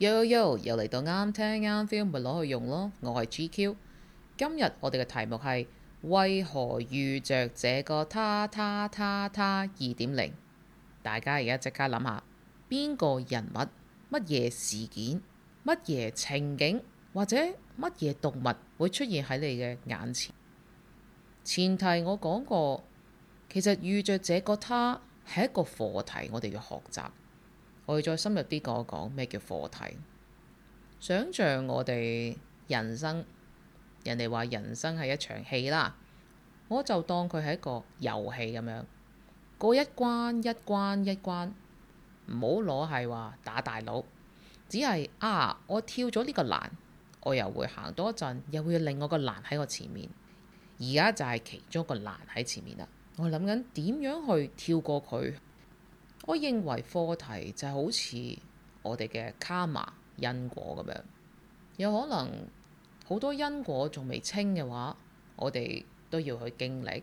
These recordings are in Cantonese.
Yo yo 又嚟到啱聽啱 feel，咪攞去用咯。我係 GQ，今日我哋嘅題目係為何遇着這個他他他他2.0？大家而家即刻諗下，邊個人物、乜嘢事件、乜嘢情景或者乜嘢動物會出現喺你嘅眼前？前提我講過，其實遇着這個他係一個課題，我哋要學習。我再深入啲講講，咩叫課題？想像我哋人生，人哋話人生係一場戲啦，我就當佢係一個遊戲咁樣，過一關一關一關，唔好攞係話打大佬，只係啊，我跳咗呢個欄，我又會行多一陣，又會有另外個欄喺我前面，而家就係其中一個欄喺前面啦，我諗緊點樣去跳過佢。我認為課題就好似我哋嘅卡瑪因果咁樣，有可能好多因果仲未清嘅話，我哋都要去經歷。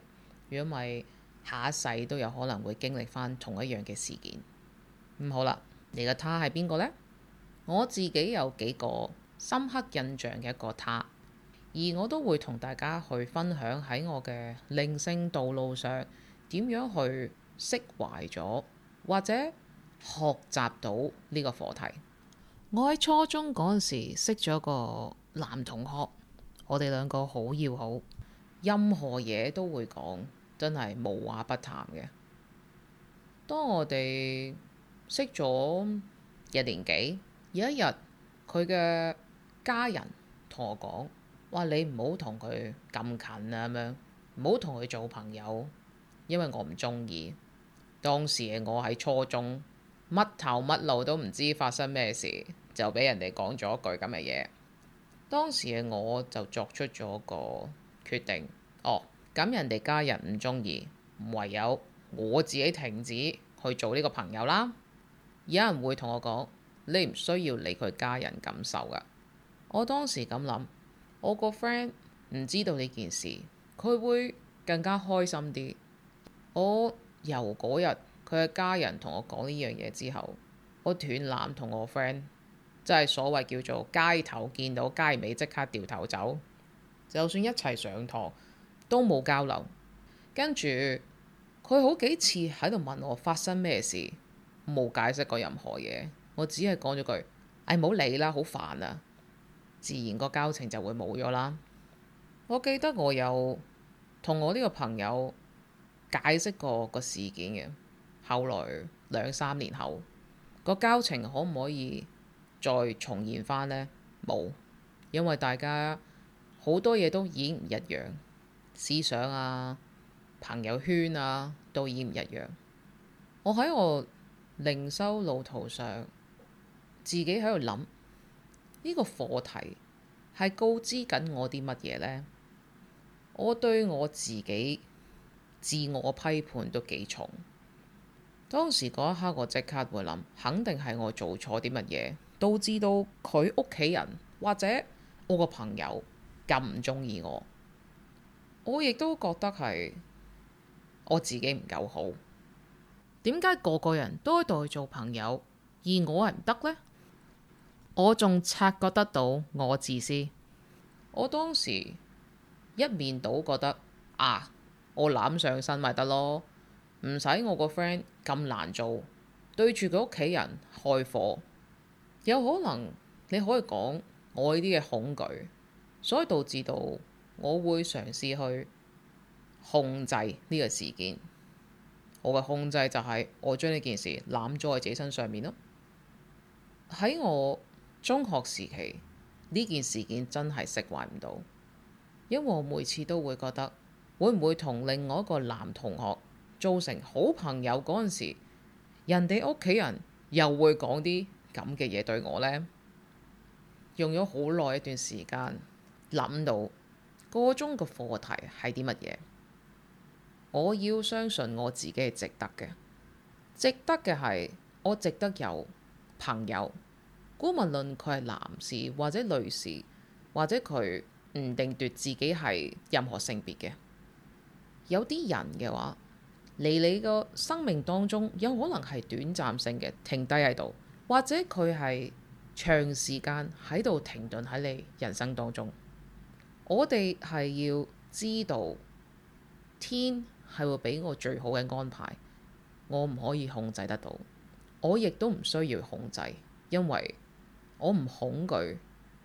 如果唔係下一世都有可能會經歷返同一樣嘅事件。咁、嗯、好啦，你嘅他係邊個呢？我自己有幾個深刻印象嘅一個他，而我都會同大家去分享喺我嘅靈性道路上點樣去釋懷咗。或者學習到呢個課題。我喺初中嗰陣時識咗個男同學，我哋兩個好要好，任何嘢都會講，真係無話不談嘅。當我哋識咗一年幾，有一日佢嘅家人同我講：哇，你唔好同佢咁近啊，咁樣唔好同佢做朋友，因為我唔中意。當時嘅我喺初中，乜頭乜路都唔知發生咩事，就俾人哋講咗句咁嘅嘢。當時嘅我就作出咗個決定，哦，咁人哋家人唔中意，唯有我自己停止去做呢個朋友啦。有人會同我講：你唔需要理佢家人感受㗎。我當時咁諗，我個 friend 唔知道呢件事，佢會更加開心啲。我。由嗰日佢嘅家人同我講呢樣嘢之後，我斷纜同我 friend，即係所謂叫做街頭見到街尾即刻掉頭走，就算一齊上堂都冇交流。跟住佢好幾次喺度問我發生咩事，冇解釋過任何嘢，我只係講咗句：唉，冇理啦，好煩啊！自然個交情就會冇咗啦。我記得我有同我呢個朋友。解釋過個事件嘅，後來兩三年後個交情可唔可以再重現翻呢？冇，因為大家好多嘢都已經唔一樣，思想啊、朋友圈啊都已經唔一樣。我喺我靈修路途上，自己喺度諗呢個課題係告知緊我啲乜嘢呢？我對我自己。自我批判都幾重。當時嗰一刻，我即刻會諗，肯定係我做錯啲乜嘢，導致到佢屋企人或者我個朋友咁唔中意我。我亦都覺得係我自己唔夠好。點解個個人都喺度去做朋友，而我係唔得呢？我仲察覺得到我自私。我當時一面倒覺得啊～我攬上身咪得咯，唔使我個 friend 咁難做，對住佢屋企人開火，有可能你可以講我呢啲嘅恐懼，所以導致到我會嘗試去控制呢個事件。我嘅控制就係我將呢件事攬咗喺自己身上面咯。喺我中學時期，呢件事件真係釋懷唔到，因為我每次都會覺得。會唔會同另外一個男同學做成好朋友嗰陣時，人哋屋企人又會講啲咁嘅嘢對我呢？用咗好耐一段時間諗到個中個課題係啲乜嘢？我要相信我自己係值得嘅，值得嘅係我值得有朋友。無論佢係男士或者女士，或者佢唔定奪自己係任何性別嘅。有啲人嘅話，嚟你個生命當中，有可能係短暫性嘅停低喺度，或者佢係長時間喺度停頓喺你人生當中。我哋係要知道，天係會俾我最好嘅安排，我唔可以控制得到，我亦都唔需要控制，因為我唔恐懼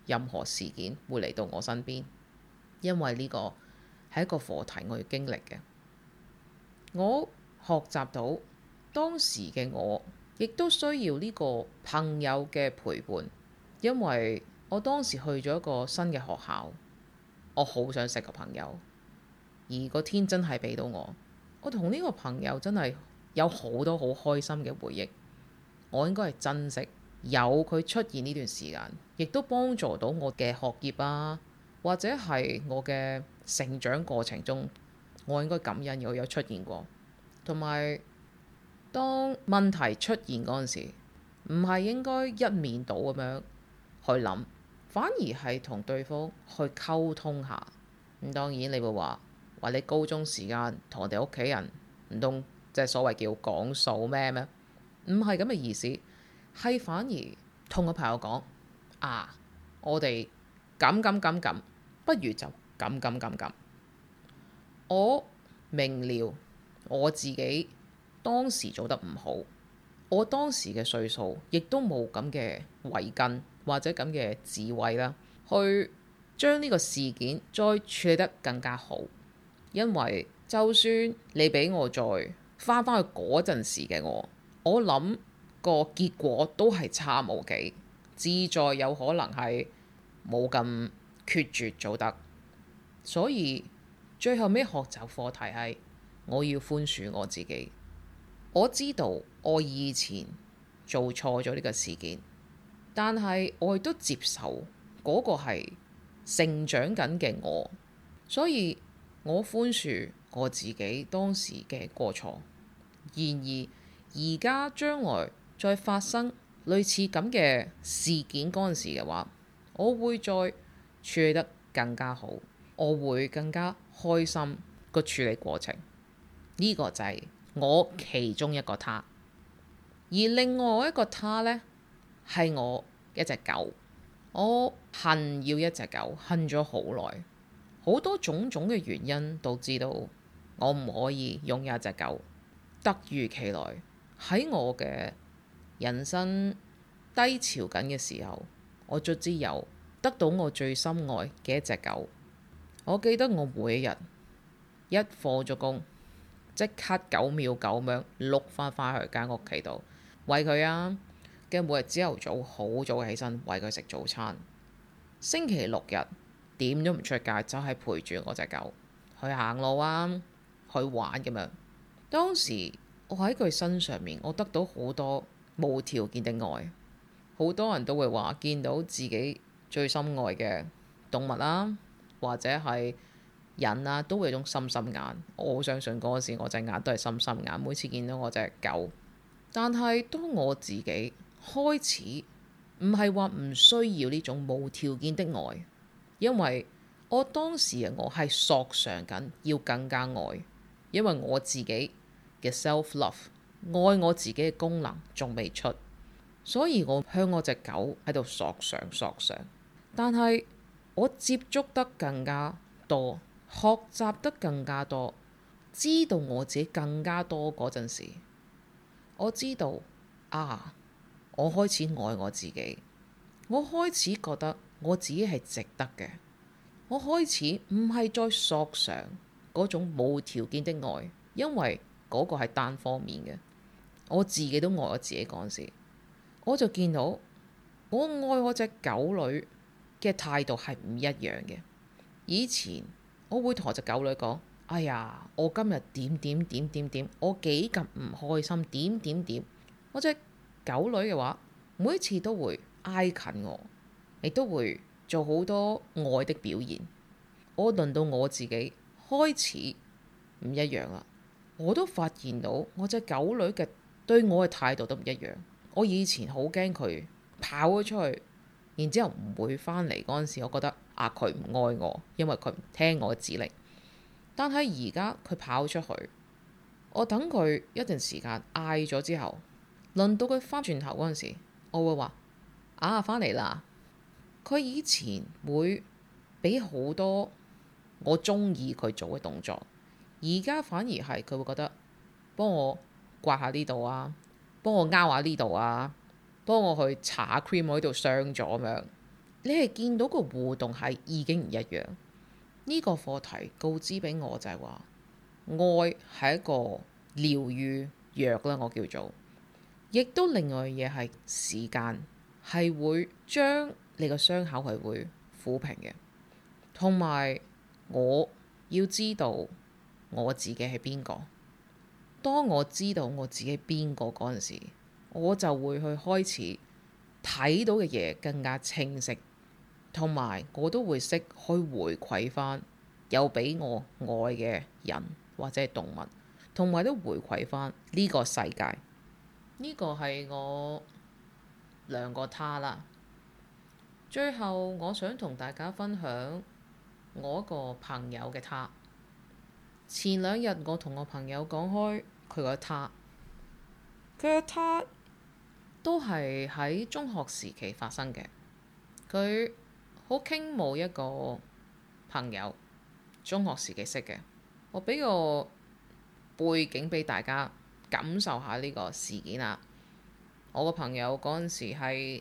任何事件會嚟到我身邊，因為呢個。係一個課題，我要經歷嘅。我學習到當時嘅我，亦都需要呢個朋友嘅陪伴，因為我當時去咗一個新嘅學校，我好想識個朋友。而個天真係俾到我，我同呢個朋友真係有好多好開心嘅回憶。我應該係珍惜有佢出現呢段時間，亦都幫助到我嘅學業啊，或者係我嘅。成長過程中，我應該感恩我有出現過，同埋當問題出現嗰陣時，唔係應該一面倒咁樣去諗，反而係同對方去溝通下。咁當然你會話話你高中時間同我哋屋企人唔通即係所謂叫講數咩咩？唔係咁嘅意思，係反而同個朋友講啊，我哋咁咁咁咁，不如就。咁咁咁咁，我明瞭我自己當時做得唔好，我當時嘅歲數亦都冇咁嘅慧根或者咁嘅智慧啦，去將呢個事件再處理得更加好。因為就算你俾我再翻返去嗰陣時嘅我，我諗個結果都係差無幾，志在有可能係冇咁決絕，做得。所以最後尾學習課題係，我要寬恕我自己。我知道我以前做錯咗呢個事件，但係我亦都接受嗰個係成長緊嘅我，所以我寬恕我自己當時嘅過錯。然而而家將來再發生類似咁嘅事件嗰陣時嘅話，我會再處理得更加好。我會更加開心個處理過程。呢、這個就係我其中一個他，而另外一個他呢，係我一隻狗。我恨要一隻狗恨，恨咗好耐，好多種種嘅原因導致到我唔可以擁有一隻狗。突如其來喺我嘅人生低潮緊嘅時候，我卒之有得到我最心愛嘅一隻狗。我記得我每一日一放咗工，即刻九秒九秒碌返返去間屋企度餵佢啊！跟住每日朝頭早好早起身餵佢食早餐。星期六日點都唔出街，就係陪住我隻狗去行路啊，去玩咁樣。當時我喺佢身上面，我得到好多無條件的愛。好多人都會話見到自己最心愛嘅動物啦～或者係人啦、啊，都會有種心心眼。我相信嗰時我隻眼都係心心眼。每次見到我隻狗，但係當我自己開始唔係話唔需要呢種無條件的愛，因為我當時我係索償緊，要更加愛，因為我自己嘅 self love 愛我自己嘅功能仲未出，所以我向我隻狗喺度索償索償，但係。我接觸得更加多，學習得更加多，知道我自己更加多嗰陣時，我知道啊，我開始愛我自己，我開始覺得我自己係值得嘅，我開始唔係再索償嗰種無條件的愛，因為嗰個係單方面嘅，我自己都愛我自己嗰陣時，我就見到我愛我隻狗女嘅態度係唔一樣嘅。以前我會同我隻狗女講：哎呀，我今日點點點點點，我幾咁唔開心，點點點。我隻狗女嘅話，每一次都會挨近我，亦都會做好多愛的表現。我輪到我自己開始唔一樣啦。我都發現到我隻狗女嘅對我嘅態度都唔一樣。我以前好驚佢跑咗出去，然之後唔會返嚟嗰陣時，我覺得啊，佢唔愛我，因為佢唔聽我嘅指令。但係而家佢跑出去，我等佢一段時間嗌咗之後，輪到佢返轉頭嗰陣時，我會話啊，返嚟啦！佢以前會俾好多我中意佢做嘅動作，而家反而係佢會覺得幫我刮下呢度啊，幫我勾下呢度啊。幫我去查 cream 喺度傷咗咁樣，你係見到個互動係已經唔一樣。呢、這個課題告知俾我就係話，愛係一個療愈藥啦，我叫做，亦都另外嘢係時間係會將你個傷口係會撫平嘅，同埋我要知道我自己係邊個。當我知道我自己邊個嗰陣時。我就會去開始睇到嘅嘢更加清晰，同埋我都會識去回饋翻有俾我愛嘅人或者係動物，同埋都回饋翻呢個世界。呢個係我兩個他啦。最後，我想同大家分享我一個朋友嘅他。前兩日我同我朋友講開佢個他，佢個他，都係喺中學時期發生嘅。佢好傾慕一個朋友，中學時期識嘅。我俾個背景俾大家感受下呢個事件啦。我個朋友嗰陣時係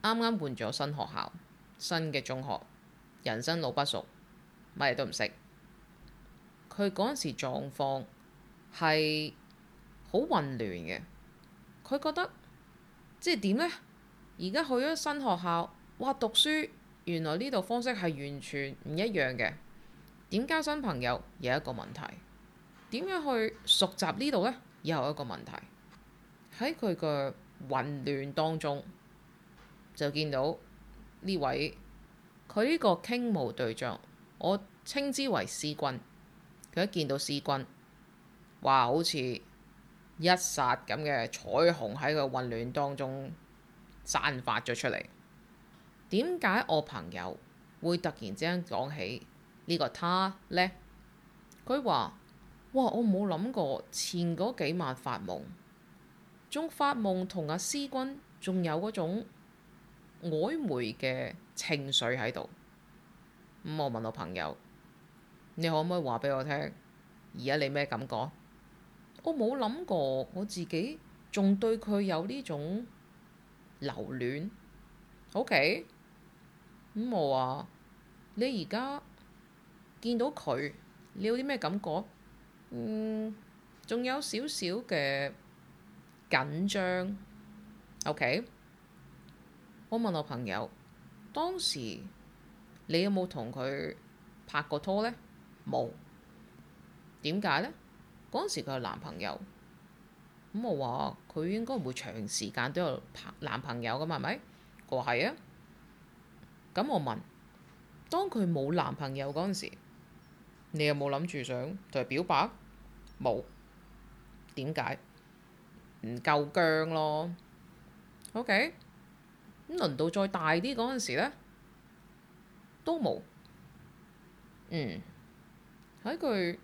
啱啱換咗新學校，新嘅中學，人生路不熟，乜嘢都唔識。佢嗰陣時狀況係好混亂嘅，佢覺得。即係點呢？而家去咗新學校，哇！讀書原來呢度方式係完全唔一樣嘅。點交新朋友，有一個問題，點樣去熟習呢度呢？又一個問題。喺佢嘅混亂當中，就見到呢位佢呢個傾慕對象，我稱之為思君。佢一見到思君，話好似～一剎咁嘅彩虹喺個混亂當中散發咗出嚟。點解我朋友會突然之間講起呢個他呢？佢話：哇，我冇諗過前嗰幾晚發夢，仲發夢同阿思君，仲有嗰種曖昧嘅情緒喺度。咁、嗯、我問我朋友：你可唔可以話俾我聽，而家你咩感覺？我冇諗過，我自己仲對佢有呢種留戀。OK，咁、嗯、我話，你而家見到佢，你有啲咩感覺？嗯，仲有少少嘅緊張。OK，我問我朋友，當時你有冇同佢拍過拖呢？冇。點解呢？嗰陣時佢有男朋友，咁我話佢應該唔會長時間都有男朋友㗎嘛，係咪？佢話係啊，咁我問，當佢冇男朋友嗰陣時，你有冇諗住想同佢表白？冇，點解？唔夠薑咯。OK，咁輪到再大啲嗰陣時呢，都冇。嗯，喺佢。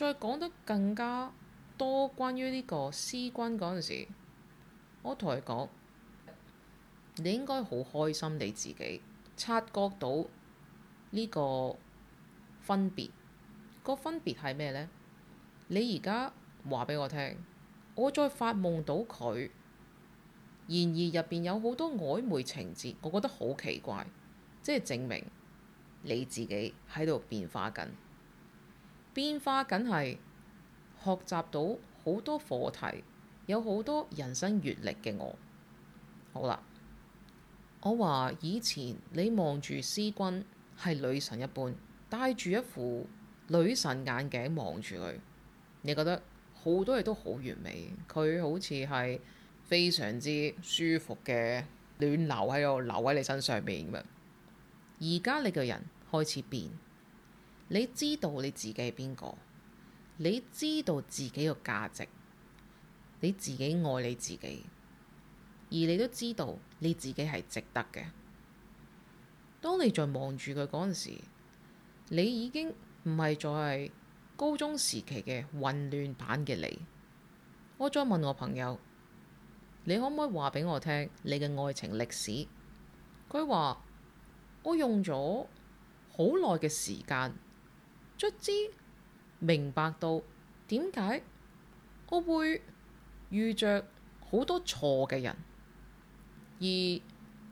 再講得更加多關於呢個思君嗰陣時，我同佢講：你應該好開心你自己察覺到呢個分別，個分別係咩呢？你而家話俾我聽，我再發夢到佢，然而入邊有好多曖昧情節，我覺得好奇怪，即係證明你自己喺度變化緊。變化緊係學習到好多課題，有好多人生閱歷嘅我。好啦，我話以前你望住思君係女神一般，戴住一副女神眼鏡望住佢，你覺得好多嘢,都好完美，佢好似係非常之舒服嘅暖流喺度流喺你身上面咁樣。而家你嘅人開始變。你知道你自己係邊個？你知道自己嘅價值？你自己愛你自己，而你都知道你自己係值得嘅。當你在望住佢嗰陣時，你已經唔係再係高中時期嘅混亂版嘅你。我再問我朋友，你可唔可以話俾我聽你嘅愛情歷史？佢話我用咗好耐嘅時間。卒之明白到點解我會遇着好多錯嘅人，而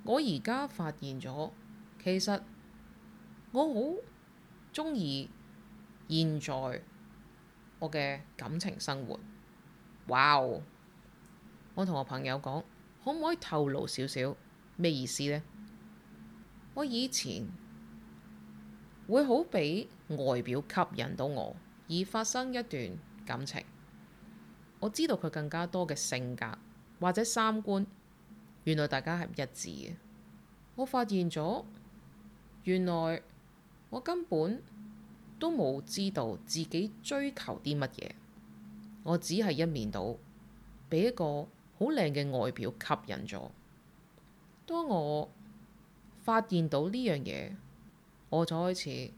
我而家發現咗，其實我好中意現在我嘅感情生活。哇、wow! 我同我朋友講，可唔可以透露少少咩意思呢？我以前會好俾。外表吸引到我而發生一段感情。我知道佢更加多嘅性格或者三觀，原來大家係一致嘅。我發現咗，原來我根本都冇知道自己追求啲乜嘢。我只係一面倒，俾一個好靚嘅外表吸引咗。當我發現到呢樣嘢，我就開始，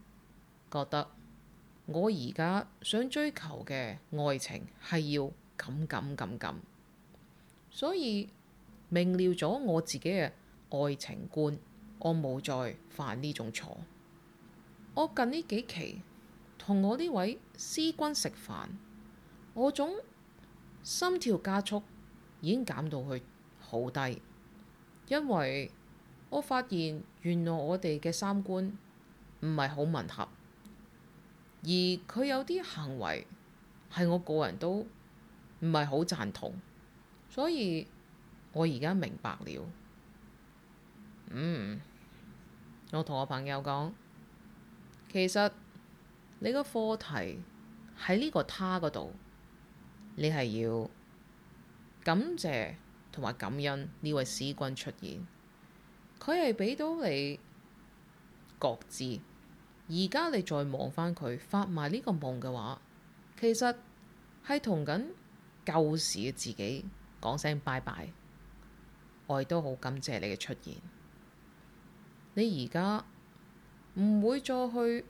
覺得我而家想追求嘅愛情係要咁咁咁咁，所以明瞭咗我自己嘅愛情觀，我冇再犯呢種錯。我近呢幾期同我呢位師君食飯，我總心跳加速已經減到去好低，因為我發現原來我哋嘅三觀唔係好吻合。而佢有啲行為係我個人都唔係好贊同，所以我而家明白了。嗯，我同我朋友講，其實你個課題喺呢個他嗰度，你係要感謝同埋感恩呢位師君出現，佢係俾到你覺知。而家你再望返佢發埋呢個夢嘅話，其實係同緊舊時嘅自己講聲拜拜。我亦都好感謝你嘅出現。你而家唔會再去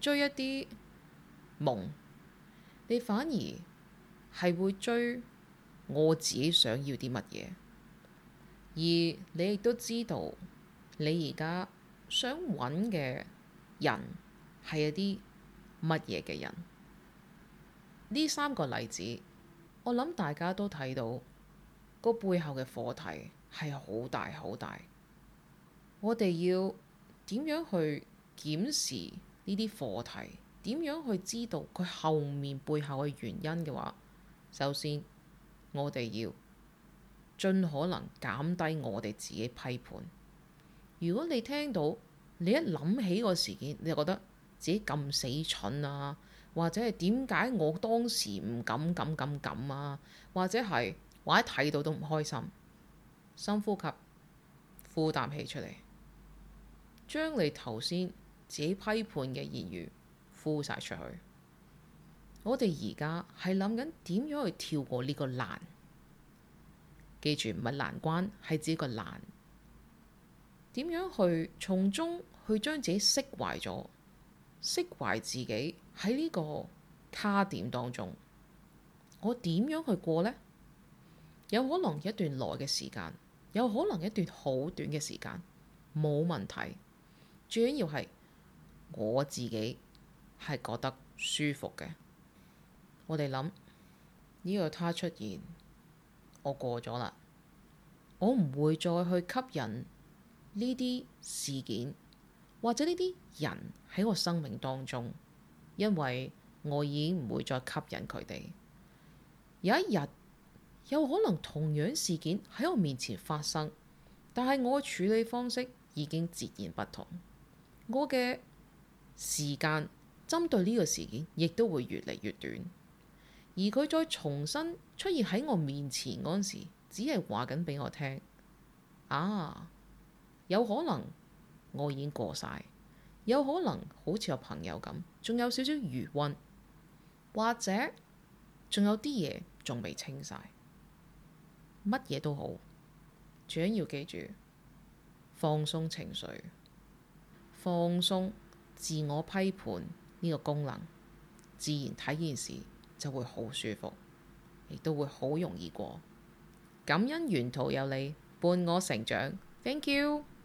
追一啲夢，你反而係會追我自己想要啲乜嘢。而你亦都知道，你而家想揾嘅，人係一啲乜嘢嘅人？呢三個例子，我諗大家都睇到個背後嘅課題係好大好大。我哋要點樣去檢視呢啲課題？點樣去知道佢後面背後嘅原因嘅話？首先，我哋要盡可能減低我哋自己批判。如果你聽到，你一諗起個事件，你就覺得自己咁死蠢啊，或者係點解我當時唔敢咁咁咁啊，或者係或者睇到都唔開心。深呼吸，呼啖氣出嚟，將你頭先自己批判嘅言語呼晒出去。我哋而家係諗緊點樣去跳過呢個難。記住，唔係難關，係只個難。點樣去從中去將自己釋懷咗？釋懷自己喺呢個卡點當中，我點樣去過呢？有可能一段耐嘅時間，有可能一段好短嘅時間冇問題。最緊要係我自己係覺得舒服嘅。我哋諗呢個他出現，我過咗啦，我唔會再去吸引呢啲事件或者呢啲人喺我生命當中，因為我已經唔會再吸引佢哋。有一日有可能同樣事件喺我面前發生，但係我嘅處理方式已經截然不同。我嘅時間針對呢個事件亦都會越嚟越短，而佢再重新出現喺我面前嗰陣時，只係話緊俾我聽啊。有可能我已經過晒，有可能好似有朋友咁，仲有少少餘溫，或者仲有啲嘢仲未清晒。乜嘢都好，最緊要記住放鬆情緒，放鬆自我批判呢個功能，自然睇件事就會好舒服，亦都會好容易過。感恩沿途有你伴我成長，Thank you。